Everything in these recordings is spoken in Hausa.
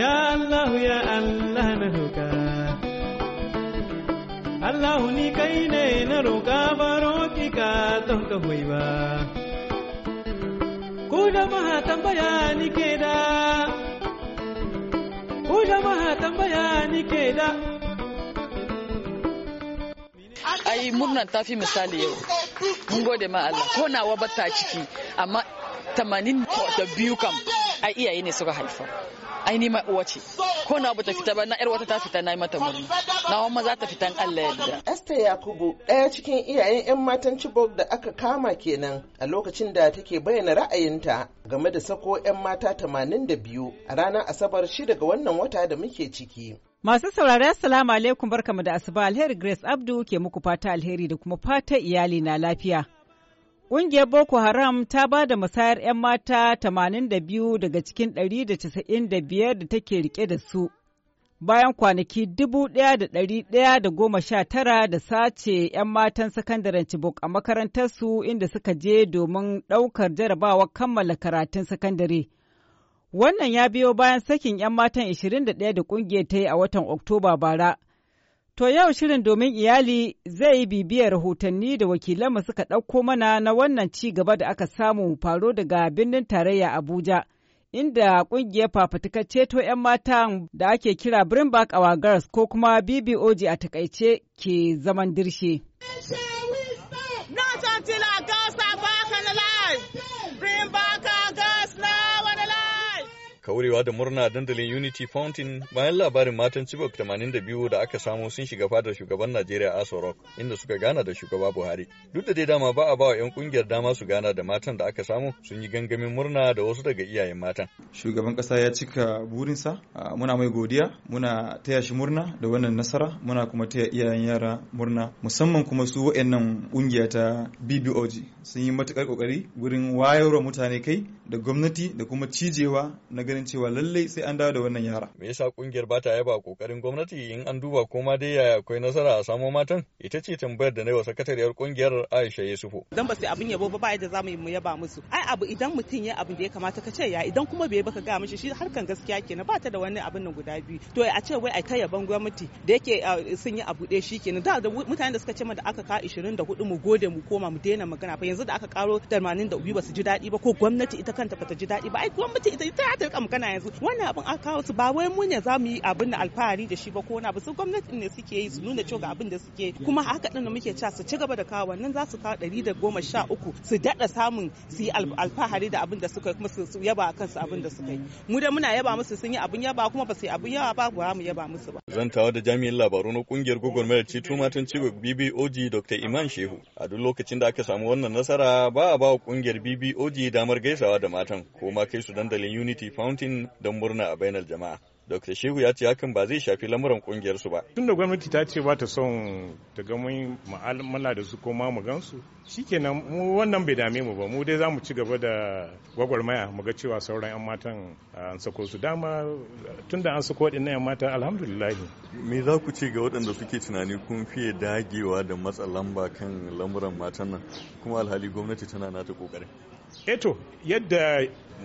Ya Allah ya Allah na roƙa Allah ni kai ne na roƙa baro ki ka don ka hoyi ba Ku jama'a tambaya ni ke da Ku jama'a tambaya ni ke da Ai murnar tafi misali yau mun gode ma Allah ko nawa bata ciki amma 82 kam a iyaye ne suka haifa ai ni ma uwa ce ko na bata fita ba na yar wata ta fita na yi mata murna na wani maza ta fitan Allah yadda Esther Yakubu ɗaya cikin iyayen yan matan Chibok da aka kama kenan a lokacin da take bayyana ra'ayinta game da sako yan mata 82 a ranar Asabar 6 ga wannan wata da muke ciki Masu saurari Assalamu alaikum barkamu da asuba alheri Grace Abdu ke muku fata alheri da kuma fata iyali na lafiya. Ƙungiyar Boko Haram ta ba da musayar 'yan mata 82 daga cikin 195 da take rike da su bayan kwanaki 1,119 da sace 'yan matan sakandaren Cibok a makarantarsu inda suka je domin ɗaukar jarabawa kammala karatun sakandare. Wannan ya biyo bayan sakin 'yan matan 21 da ƙungiyar ta yi a watan Oktoba bara. To yau shirin domin iyali zai yi bibiyar rahotanni da wakilanmu suka ɗauko mana na wannan ci gaba da aka samu faro daga birnin tarayya Abuja, inda ƙungiyar fafutukar ceto 'yan mata da ake kira Brimbak Our Girls ko kuma BBOG a takaice ke zaman dirshe. Not kaurewa da murna dandalin Unity Fountain bayan labarin matan Chibok 82 da aka samu sun shiga fadar shugaban Najeriya Aso Rock inda suka gana da shugaba Buhari. Duk da dai dama ba a ba wa 'yan kungiyar dama su gana da matan da aka samu sun yi gangamin murna da wasu daga iyayen matan. Shugaban kasa ya cika burinsa muna mai godiya muna taya shi murna da wannan nasara muna kuma taya iyayen yara murna musamman kuma su wa'annan kungiya ta BBOG sun yi matukar kokari wurin wayarwa mutane kai da gwamnati da kuma cijewa na ganin cewa lallai sai an dawo da wannan yara. Me yasa kungiyar ba ta yaba kokarin gwamnati in an duba ko ma dai yaya akwai nasara a samo matan? Ita ce tambayar da na wa sakatariyar kungiyar Aisha Yusufu. Dan ba sai abin yabo ba ba da zamu mu yaba musu. Ai abu idan mutum ya abin da ya kamata ka ce ya idan kuma bai baka ga mishi shi harkan gaskiya kenan ba ta da wani abin nan guda biyu. To a ce wai ai ta yaban gwamnati da yake ah, sun yi abu ɗaya shikenan. Da mutanen da suka ce da aka ka 24 mu gode mu koma mu daina magana fa yanzu da aka karo 82 ba su ji daɗi ba ko gwamnati ita kanta bata ji daɗi ba ai kuma ita ita ta rika magana yanzu wannan abin an kawo su ba wai mu ne za mu yi abin da alfahari da shi ba ko na ba su gwamnatin ne suke yi su nuna cewa ga abin da suke kuma haka din da muke cewa su ci gaba da kawo wannan za su kawo ɗari da goma sha uku su daɗa samun su yi alfahari da abin da suka yi kuma su yaba kansu abin da suka yi mu da muna yaba musu sun yi abin yaba kuma ba su yi abin yaba ba ba mu yaba musu ba. zan tawo da jami'in labaru na kungiyar ci ceto matan ci BBOG Dr. Iman Shehu a duk lokacin da aka samu wannan nasara ba a ba wa kungiyar BBOG damar gaisawa da matan ko ma kai su dandalin Unity Fountain don murna a bainar jama'a. Dr. Shehu ya ce hakan ba zai shafi lamuran kungiyar su ba. da gwamnati ta ce ba ta son ta ga mun mu'amala da su ko ma mu gansu, shikenan mu wannan bai dame mu ba, mu dai zamu ci gaba da gwagwarmaya mu ga cewa sauran 'yan matan ah, an sako su dama tun da an sako waɗannan 'yan mata alhamdulillah. Me za ku ce ga waɗanda suke tunani kun fiye dagewa da matsa lamba kan lamuran matan nan kuma alhali gwamnati tana nata kokarin. eto eh yadda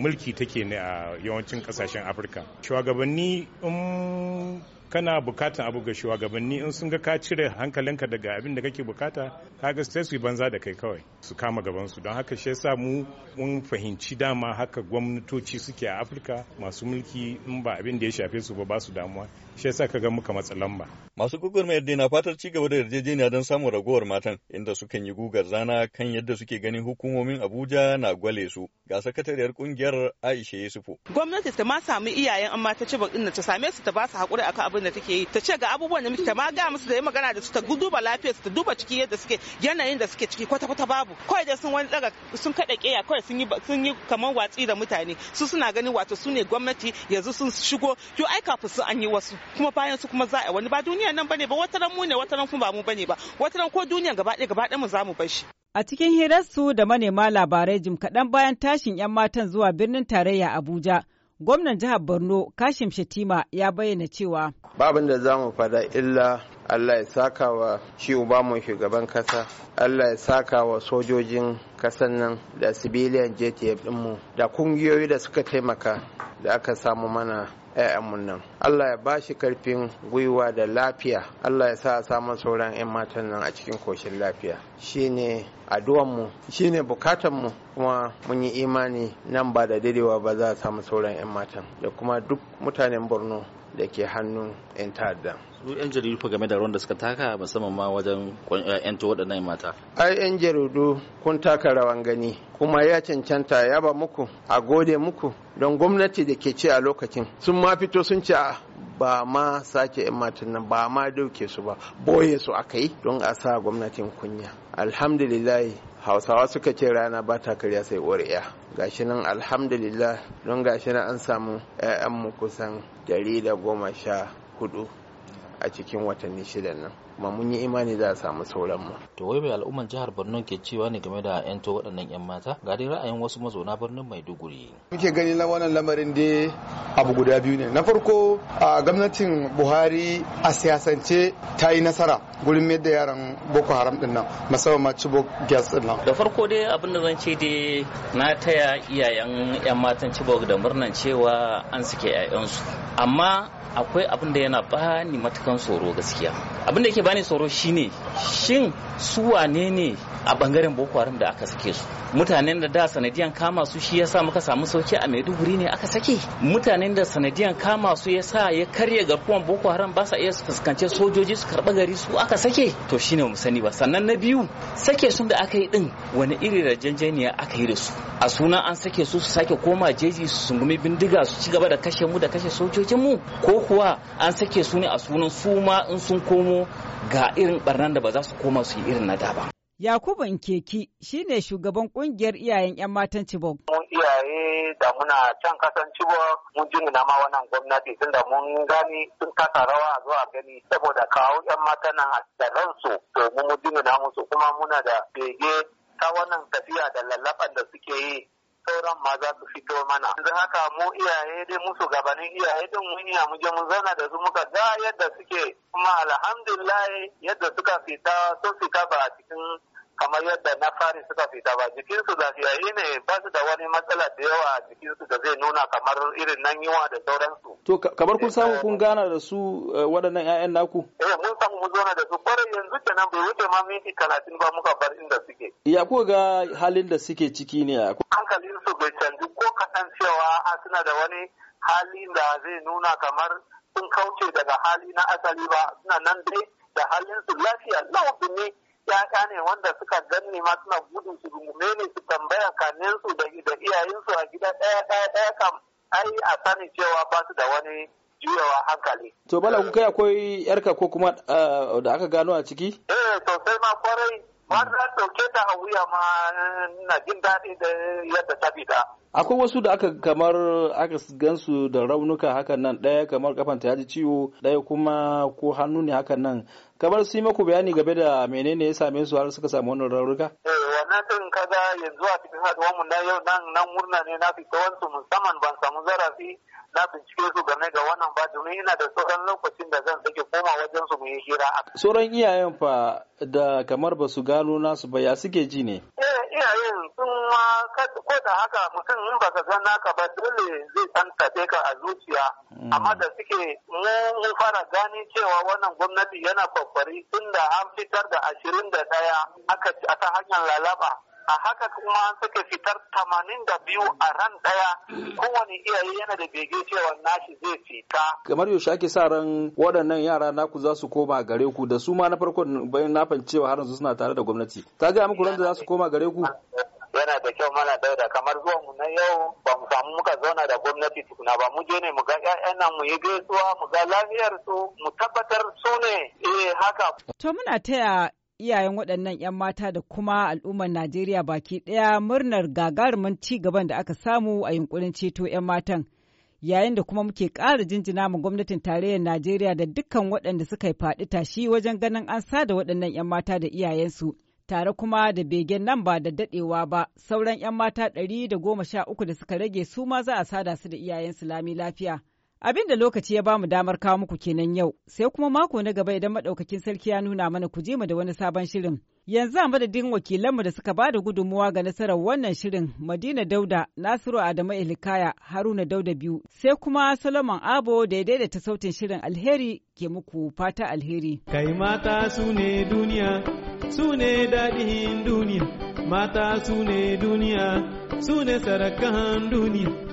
mulki take ne a yawancin kasashen afirka shugabanni in um, kana bukatan abu ga shugabanni in sun ga ka cire hankalinka daga abin da kake bukata kaga sai su yi banza da kai kawai su kama gaban su don haka shi yasa mu mun fahimci dama haka gwamnatoci suke a Afirka masu mulki in ba abin da ya shafe su ba ba su damuwa shi yasa kaga muka matsa lamba masu gugurmayar dai na fatar ci gaba da yarjejeniya don samun ragowar matan inda su kan yi gugar zana kan yadda suke ganin hukumomin Abuja na gwale su ga sakatariyar kungiyar Aisha Yusufu gwamnati ta ma samu iyayen amma ta ci da ta same su ta ba su hakuri akan abin abin da take yi ta ce ga abubuwan da muke ta ma ga musu da yi magana da su ta duba lafiyar su ta duba ciki yadda suke yanayin da suke ciki kwata kwata babu kawai da sun wani daga sun kada keya kawai sun yi sun yi kamar watsi da mutane su suna gani wato su ne gwamnati yanzu sun shigo to ai kafin su an yi wasu kuma bayan su kuma za a wani ba duniya nan bane ba wata ran mu ne wata ran kuma ba mu bane ba wata ran ko duniya gaba ɗaya gaba ɗaya mu za mu bar shi A cikin hirarsu da manema labarai jim kaɗan bayan tashin 'yan matan zuwa birnin tarayya Abuja, Gwamnan jihar Borno Kashim Shatima ya bayyana cewa babin da za mu fada illa Allah ya saka wa shi mu shugaban kasa, Allah ya saka wa sojojin kasan nan da civilian JTF mu da kungiyoyi da suka taimaka da aka samu mana 'ya'yanmu nan allah ya ba shi karfin gwiwa da lafiya allah ya sa samun sauran 'yan matan nan a cikin koshin lafiya shine addu'anmu shine bukatanmu kuma mun yi imani nan ba da daidaiwa ba za a samu sauran 'yan matan da kuma duk mutanen borno da ke hannun 'yan ta'adda. su 'yan jaridu fa game da ruwan da suka taka musamman ma wajen eh, 'yanto waɗannan mata. ai 'yan jaridu kun taka rawan gani kuma ya cancanta ya ba muku a gode muku don gwamnati da ke ce a lokacin sun ma fito sun ce a ah, ba ma sake 'yan matan nan ba ma dauke su ba boye su aka yi don a sa gwamnatin kunya alhamdulillah hausawa suka ce rana ba ta karya sai ƙuri'a gashi nan alhamdulillah don gashi nan an samu 'ya'yanmu kusan 114 a cikin watanni shidan nan kuma mun yi imani za a samu sauran mu to wai bai al'umman jihar Borno ke cewa ne game da yan to waɗannan yan mata ga dai ra'ayin wasu mazauna birnin Maiduguri muke gani na wannan lamarin dai abu guda biyu ne na farko a gwamnatin Buhari a siyasance ta yi nasara gurin mai da yaran Boko Haram din nan musamman Chibok gas din nan da farko dai abin da zan ce dai na taya iyayen yan matan Chibok da murnan cewa an suke ƴaƴansu amma akwai abin da yana ba ni matukan tsoro gaskiya abin da yake bani tsoro shine shin su wane ne a bangaren boko haram da aka sake su mutanen da da sanadiyan kama su shi yasa muka samu sauki a maiduguri ne aka sake mutanen da sanadiyan kama su yasa ya karya garkuwan boko haram ba sa iya fuskance sojoji su karba gari su aka sake to shine mu sani ba sannan na biyu sake sun da aka yi din wani iri da janjaniya aka yi da su a sunan an sake su su sake koma jeji su sungumi bindiga su ci gaba da kashe mu da kashe sojojin mu ko kuwa an sake su ne a sunan su ma in sun komo ga irin barnan da ba za su koma su yi irin na da ba. Yakubu Nkeki shine shugaban kungiyar iyayen 'yan matan Chibok. Mun iyaye da muna can kasan Chibok mun ji na ma wannan gwamnati tunda mun gani sun kasa rawa zuwa gani saboda kawo 'yan matan nan da ransu to mun ji na musu kuma muna da bege ta wannan tafiya da lallafan da suke yi sauran maza su fito mana yanzu haka mu iyaye dai musu gabanin iyaye din mun iya mu je mun zauna da su muka ga yadda suke kuma alhamdulillah yadda suka fita sun fita ba a cikin kamar yadda na fari suka fita ba jikinsu lafiyayi ne ba su da wani matsala da yawa a jikinsu da zai nuna kamar irin nan yiwa da sauransu. To kamar kun samu kun eh, gana da su eh, waɗannan 'ya'yan naku? Eh mun samu mu zauna da su kwarai yanzu kenan bai wuce ma minti talatin ba muka bar inda suke. Ya ko ga halin da suke ciki ne a? Hankalinsu bai canji ko kasancewa ah, suna da wani hali da zai nuna kamar sun kauce daga hali na asali ba suna nan dai da halin su lafiya lau ne ya'ya ne wanda suka ganni ma suna gudun su rungume ne su tambaya kanin su da iyayensu a gida ɗaya ɗaya ɗaya kam ai a sani cewa ba su da wani juyawa hankali. To bala ku kai akwai yarka ko kuma eh, da aka gano a ciki? Eh sosai ma kwarai har na ɗauke ta a wuya ma na jin daɗi da yadda ta fita. Akwai wasu da aka kamar aka gansu da raunuka hakan nan ɗaya kamar kafan ta yaji ciwo ɗaya kuma ko hannu ne hakan nan. Kamar su maku bayani game da menene ya same su har suka samu wannan raunuka? Eh wannan ɗin kaga yanzu a cikin haɗuwar mu na yau nan nan murna ne na fita su musamman ban samu zarafi na bincike su game ga wannan ba domin yana da sauran lokacin da zan sake koma wajen su mu yi hira. Sauran iyayen fa da kamar ba su gano nasu ba ya suke ji ne. Eh iyayen sun ma ko da haka mutum in ba ka san naka ba dole zai san tafe ka a zuciya. Hmm. Amma da suke mu fara gani cewa wannan gwamnati yana kwakwari tun da an fitar da ashirin da ɗaya aka ta hanyar lalaba. a haka kuma suka fitar tamanin da biyu a ran ɗaya kowane iyaye yana da bege cewa nashi zai fita. Kamar yaushe ake sa ran waɗannan yara naku za su koma gare ku da su ma na farko bayan na cewa har yanzu suna tare da gwamnati. Ta gaya muku ran da za su koma gare ku? Yana da kyau mana dauda kamar zuwa mu na yau ba mu samu muka zauna da gwamnati tukuna ba mu je ne mu ga ƴaƴan nan mu yi gaisuwa mu ga lafiyar su mu tabbatar su ne eh haka. To muna taya iyayen waɗannan 'yan mata da kuma al'ummar Najeriya baki ɗaya murnar gagarumin ci gaban da aka samu a yunkurin ceto 'yan matan. Yayin da kuma muke ƙara jinjina ma gwamnatin tarayyar Najeriya da dukkan waɗanda suka yi faɗi tashi wajen ganin an da waɗannan 'yan mata da iyayensu. Tare kuma da begen nan ba da daɗewa ba, sauran 'yan mata ɗari da goma sha uku da suka rage su ma za a sada su da iyayensu lami lafiya. Abin da lokaci ya bamu damar kawo muku kenan yau, sai kuma mako na gaba idan maɗaukakin sarki ya nuna mana ku je mu da wani sabon shirin. Yanzu a madadin wakilanmu da suka ba da gudunmuwa ga nasarar wannan shirin Madina Dauda, Nasiru Adamu Ilikaya, Haruna Dauda biyu, sai kuma Solomon Abo da ya daidaita sautin shirin alheri ke muku fata alheri. Kai mata su ne duniya, su ne daɗin duniya, mata su ne duniya, su ne sarakan duniya.